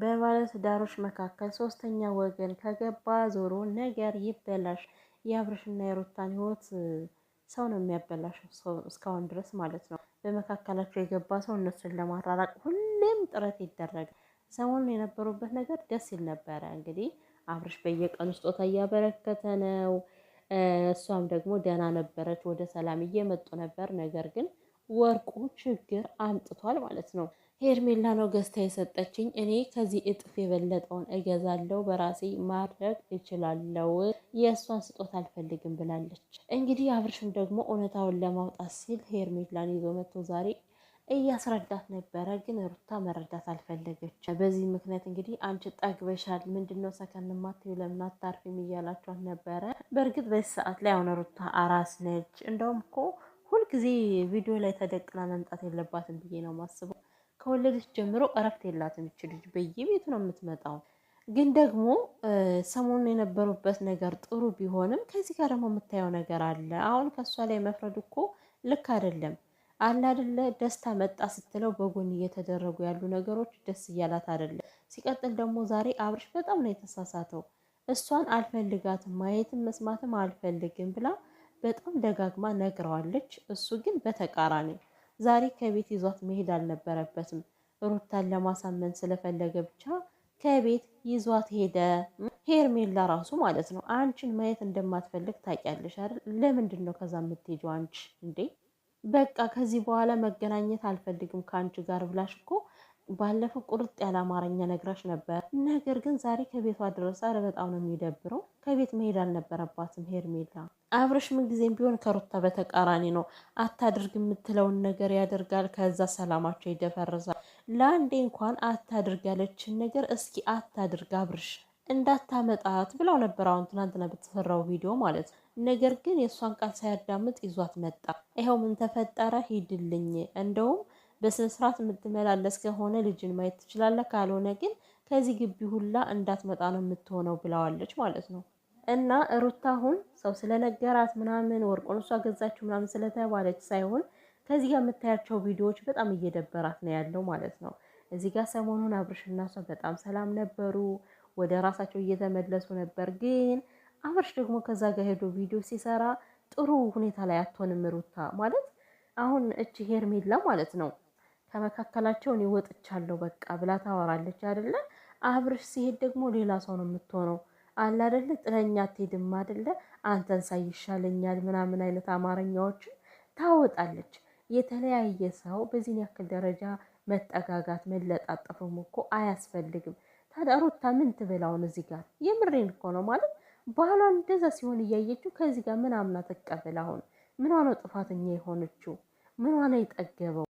በባለትዳሮች መካከል ሶስተኛ ወገን ከገባ ዞሮ ነገር ይበላሽ። የአብርሽና የሩታን ህይወት ሰው ነው የሚያበላሸው እስካሁን ድረስ ማለት ነው። በመካከላቸው የገባ ሰው እነሱን ለማራራቅ ሁሌም ጥረት ይደረጋል። ሰሞኑን የነበሩበት ነገር ደስ ይል ነበረ። እንግዲህ አብርሽ በየቀኑ ስጦታ እያበረከተ ነው። እሷም ደግሞ ደህና ነበረች፣ ወደ ሰላም እየመጡ ነበር። ነገር ግን ወርቁ ችግር አምጥቷል ማለት ነው። ሄርሜላ ነው ገዝታ የሰጠችኝ። እኔ ከዚህ እጥፍ የበለጠውን እገዛለሁ፣ በራሴ ማድረግ እችላለሁ፣ የእሷን ስጦታ አልፈልግም ብላለች። እንግዲህ አብርሽም ደግሞ እውነታውን ለማውጣት ሲል ሄርሜላን ይዞ መጥቶ ዛሬ እያስረዳት ነበረ። ግን ሩታ መረዳት አልፈለገች። በዚህ ምክንያት እንግዲህ አንቺ ጠግበሻል፣ ምንድነው ሰከን ማትዩ ለምን አታርፊም ነበረ። በእርግጥ በዚህ ሰዓት ላይ አሁን ሩታ አራስ ነች። እንደውም እኮ ሁልጊዜ ቪዲዮ ላይ ተደቅና መምጣት የለባትም ብዬ ነው ማስበው። ከወለደች ጀምሮ እረፍት የላትም ይች ልጅ፣ በየቤቱ ነው የምትመጣው። ግን ደግሞ ሰሞኑን የነበሩበት ነገር ጥሩ ቢሆንም ከዚህ ጋር ደግሞ የምታየው ነገር አለ። አሁን ከእሷ ላይ መፍረድ እኮ ልክ አይደለም። አለ አይደለ ደስታ መጣ ስትለው በጎን እየተደረጉ ያሉ ነገሮች ደስ እያላት አይደለም። ሲቀጥል ደግሞ ዛሬ አብርሽ በጣም ነው የተሳሳተው። እሷን አልፈልጋትም ማየትም መስማትም አልፈልግም ብላ በጣም ደጋግማ ነግረዋለች። እሱ ግን በተቃራኒ ዛሬ ከቤት ይዟት መሄድ አልነበረበትም። ሩታን ለማሳመን ስለፈለገ ብቻ ከቤት ይዟት ሄደ። ሄርሜላ ራሱ ማለት ነው አንቺን ማየት እንደማትፈልግ ታውቂያለሽ አይደል? ለምንድን ነው ከዛ የምትሄጂው አንቺ እንዴ? በቃ ከዚህ በኋላ መገናኘት አልፈልግም ከአንቺ ጋር ብላሽ እኮ ባለፈው ቁርጥ ያለ አማርኛ ነግራሽ ነበር። ነገር ግን ዛሬ ከቤቷ ድረስ ኧረ በጣም ነው የሚደብረው። ከቤት መሄድ አልነበረባትም ሄርሜላ። አብረሽ ጊዜም ቢሆን ከሩታ በተቃራኒ ነው። አታድርግ የምትለውን ነገር ያደርጋል። ከዛ ሰላማቸው ይደፈርሳል። ለአንዴ እንኳን አታድርግ ያለችን ነገር እስኪ አታድርግ አብርሽ እንዳታመጣት ብለው ነበር። አሁን ትናንትና በተሰራው ቪዲዮ ማለት ነገር ግን የእሷን ቃል ሳያዳምጥ ይዟት መጣ። ይኸው ምን ተፈጠረ? ሂድልኝ እንደውም በስነስርዓት የምትመላለስ ከሆነ ልጅን ማየት ትችላለህ፣ ካልሆነ ግን ከዚህ ግቢ ሁላ እንዳትመጣ ነው የምትሆነው ብለዋለች ማለት ነው። እና ሩታ አሁን ሰው ስለነገራት ምናምን ወርቆን እሷ ገዛችሁ ምናምን ስለተባለች ሳይሆን ከዚህ ጋር የምታያቸው ቪዲዮዎች በጣም እየደበራት ነው ያለው ማለት ነው። እዚህ ጋር ሰሞኑን አብርሽና እሷ በጣም ሰላም ነበሩ፣ ወደ ራሳቸው እየተመለሱ ነበር። ግን አብርሽ ደግሞ ከዛ ጋር ሄዶ ቪዲዮ ሲሰራ ጥሩ ሁኔታ ላይ አትሆንም ሩታ ማለት አሁን እቺ ሄርሜላ ማለት ነው ከመካከላቸው እኔ ወጥቻለሁ በቃ ብላ ታወራለች አደለ? አብርሽ ሲሄድ ደግሞ ሌላ ሰው ነው የምትሆነው አለ አደለ? ጥለኛ አትሄድም አደለ? አንተን ሳይ ይሻለኛል ምናምን አይነት አማርኛዎችን ታወጣለች። የተለያየ ሰው በዚህን ያክል ደረጃ መጠጋጋት መለጣጠፍም እኮ አያስፈልግም። ታዲያ ሩታ ምን ትበላውን? እዚህ ጋር የምሬን እኮ ነው ማለት ባህሏ እንደዛ ሲሆን እያየችው ከዚህ ጋር ምናምና ተቀበል። አሁን ምኗ ነው ጥፋተኛ የሆነችው? ምኗ ነው የጠገበው?